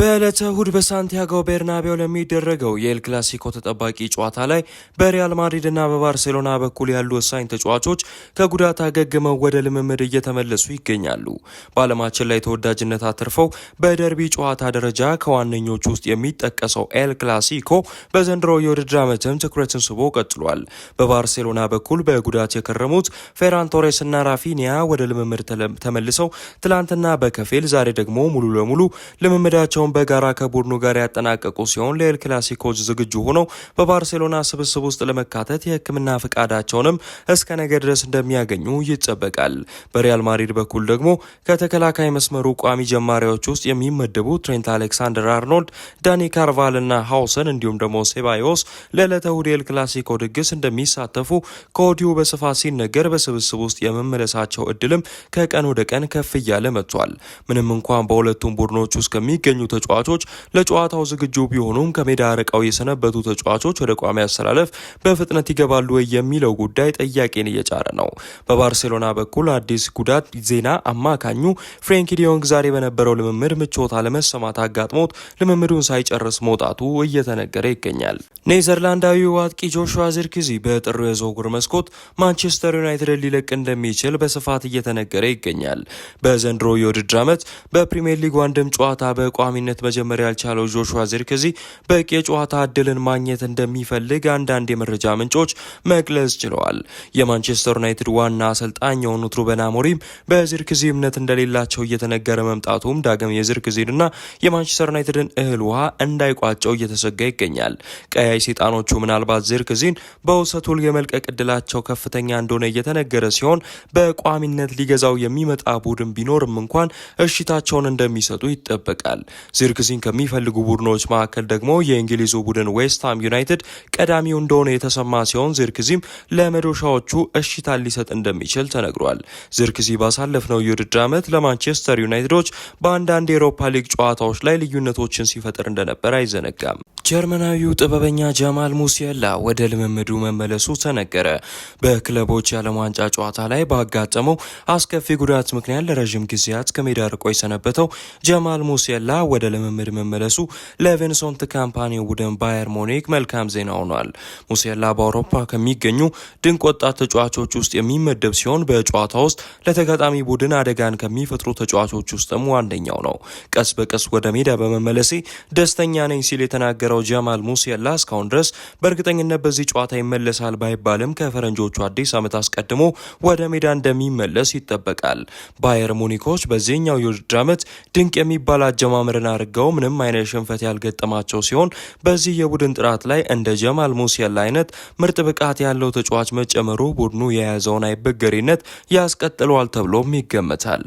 በዕለተ እሁድ በሳንቲያጎ ቤርናቤው ለሚደረገው የኤል ክላሲኮ ተጠባቂ ጨዋታ ላይ በሪያል ማድሪድ እና በባርሴሎና በኩል ያሉ ወሳኝ ተጫዋቾች ከጉዳት አገግመው ወደ ልምምድ እየተመለሱ ይገኛሉ። በዓለማችን ላይ ተወዳጅነት አትርፈው በደርቢ ጨዋታ ደረጃ ከዋነኞች ውስጥ የሚጠቀሰው ኤል ክላሲኮ በዘንድሮ የውድድር ዓመትም ትኩረትን ስቦ ቀጥሏል። በባርሴሎና በኩል በጉዳት የከረሙት ፌራን ቶሬስ እና ራፊኒያ ወደ ልምምድ ተመልሰው ትላንትና በከፊል ዛሬ ደግሞ ሙሉ ለሙሉ ልምምዳቸው ጨዋታውን በጋራ ከቡድኑ ጋር ያጠናቀቁ ሲሆን ለኤል ክላሲኮች ዝግጁ ሆነው በባርሴሎና ስብስብ ውስጥ ለመካተት የሕክምና ፍቃዳቸውንም እስከ ነገ ድረስ እንደሚያገኙ ይጠበቃል። በሪያል ማድሪድ በኩል ደግሞ ከተከላካይ መስመሩ ቋሚ ጀማሪዎች ውስጥ የሚመደቡ ትሬንት አሌክሳንደር አርኖልድ፣ ዳኒ ካርቫል እና ሀውሰን እንዲሁም ደግሞ ሴባዮስ ለዕለተ እሁድ ኤል ክላሲኮ ድግስ እንደሚሳተፉ ከወዲሁ በስፋት ሲነገር በስብስብ ውስጥ የመመለሳቸው እድልም ከቀን ወደ ቀን ከፍ እያለ መጥቷል። ምንም እንኳን በሁለቱም ቡድኖች ውስጥ ከሚገኙ ተጫዋቾች ለጨዋታው ዝግጁ ቢሆኑም ከሜዳ ርቀው የሰነበቱ ተጫዋቾች ወደ ቋሚ አሰላለፍ በፍጥነት ይገባሉ ወይ የሚለው ጉዳይ ጥያቄን እየጫረ ነው። በባርሴሎና በኩል አዲስ ጉዳት ዜና አማካኙ ፍሬንኪ ዲዮንግ ዛሬ በነበረው ልምምድ ምቾት አለመሰማት አጋጥሞት ልምምዱን ሳይጨርስ መውጣቱ እየተነገረ ይገኛል። ኔዘርላንዳዊው አጥቂ ጆሹዋ ዚርክዚ በጥሩ የዝውውር መስኮት ማንቸስተር ዩናይትድን ሊለቅ እንደሚችል በስፋት እየተነገረ ይገኛል። በዘንድሮ የውድድር ዓመት በፕሪምየር ሊግ አንድም ጨዋታ በቋሚ ተቀባይነት መጀመር ያልቻለው ጆሹዋ ዚርክዚ በቂ የጨዋታ እድልን ማግኘት እንደሚፈልግ አንዳንድ የመረጃ ምንጮች መግለጽ ችለዋል። የማንቸስተር ዩናይትድ ዋና አሰልጣኝ የሆኑት ሩበን አሞሪም በዚርክዚ እምነት እንደሌላቸው እየተነገረ መምጣቱም ዳግም የዚርክዚንና የማንቸስተር ዩናይትድን እህል ውሃ እንዳይቋጨው እየተሰጋ ይገኛል። ቀያይ ሰይጣኖቹ ምናልባት ዚርክዚን በውሰት ውል የመልቀቅ እድላቸው ከፍተኛ እንደሆነ እየተነገረ ሲሆን በቋሚነት ሊገዛው የሚመጣ ቡድን ቢኖርም እንኳን እሽታቸውን እንደሚሰጡ ይጠበቃል። ዚርክዚን ከሚፈልጉ ቡድኖች መካከል ደግሞ የእንግሊዙ ቡድን ዌስትሃም ዩናይትድ ቀዳሚው እንደሆነ የተሰማ ሲሆን ዝርክዚም ለመዶሻዎቹ እሽታ ሊሰጥ እንደሚችል ተነግሯል። ዝርክዚ ባሳለፍነው የውድድር ዓመት ለማንቸስተር ዩናይትዶች በአንዳንድ የአውሮፓ ሊግ ጨዋታዎች ላይ ልዩነቶችን ሲፈጥር እንደነበር አይዘነጋም። ጀርመናዊው ጥበበኛ ጀማል ሙሴላ ወደ ልምምዱ መመለሱ ተነገረ። በክለቦች የዓለም ዋንጫ ጨዋታ ላይ ባጋጠመው አስከፊ ጉዳት ምክንያት ለረዥም ጊዜያት ከሜዳ ርቆ የሰነበተው ጀማል ሙሴላ ወደ ልምምድ መመለሱ ለቪንሰንት ካምፓኒ ቡድን ባየር ሞኒክ መልካም ዜና ሆኗል። ሙሴላ በአውሮፓ ከሚገኙ ድንቅ ወጣት ተጫዋቾች ውስጥ የሚመደብ ሲሆን በጨዋታ ውስጥ ለተጋጣሚ ቡድን አደጋን ከሚፈጥሩ ተጫዋቾች ውስጥም አንደኛው ነው። ቀስ በቀስ ወደ ሜዳ በመመለሴ ደስተኛ ነኝ ሲል የተናገረው ጀማል ሙሴላ እስካሁን ድረስ በእርግጠኝነት በዚህ ጨዋታ ይመለሳል ባይባልም ከፈረንጆቹ አዲስ ዓመት አስቀድሞ ወደ ሜዳ እንደሚመለስ ይጠበቃል። ባየር ሙኒኮች በዚህኛው የውድድር ዓመት ድንቅ የሚባል አጀማመርና አድርገው ምንም አይነት ሽንፈት ያልገጠማቸው ሲሆን በዚህ የቡድን ጥራት ላይ እንደ ጀማል ሙሴል አይነት ምርጥ ብቃት ያለው ተጫዋች መጨመሩ ቡድኑ የያዘውን አይበገሪነት ያስቀጥለዋል ተብሎም ይገመታል።